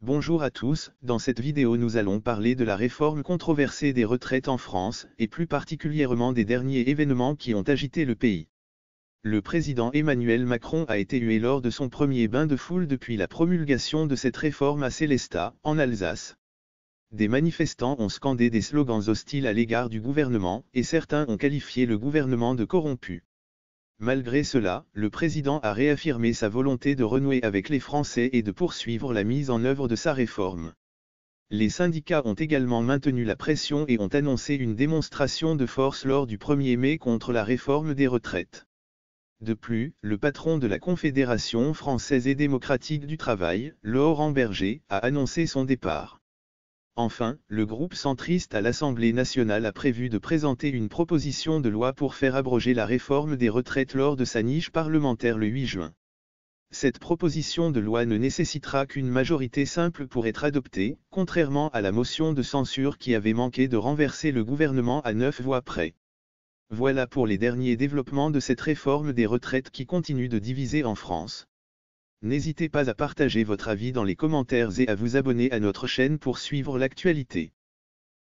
Bonjour à tous, dans cette vidéo nous allons parler de la réforme controversée des retraites en France, et plus particulièrement des derniers événements qui ont agité le pays. Le président Emmanuel Macron a été hué lors de son premier bain de foule depuis la promulgation de cette réforme à Célestat, en Alsace. Des manifestants ont scandé des slogans hostiles à l'égard du gouvernement, et certains ont qualifié le gouvernement de corrompu. Malgré cela, le président a réaffirmé sa volonté de renouer avec les Français et de poursuivre la mise en œuvre de sa réforme. Les syndicats ont également maintenu la pression et ont annoncé une démonstration de force lors du 1er mai contre la réforme des retraites. De plus, le patron de la Confédération française et démocratique du travail, Laurent Berger, a annoncé son départ. Enfin, le groupe centriste à l'Assemblée nationale a prévu de présenter une proposition de loi pour faire abroger la réforme des retraites lors de sa niche parlementaire le 8 juin. Cette proposition de loi ne nécessitera qu'une majorité simple pour être adoptée, contrairement à la motion de censure qui avait manqué de renverser le gouvernement à neuf voix près. Voilà pour les derniers développements de cette réforme des retraites qui continue de diviser en France. N'hésitez pas à partager votre avis dans les commentaires et à vous abonner à notre chaîne pour suivre l'actualité.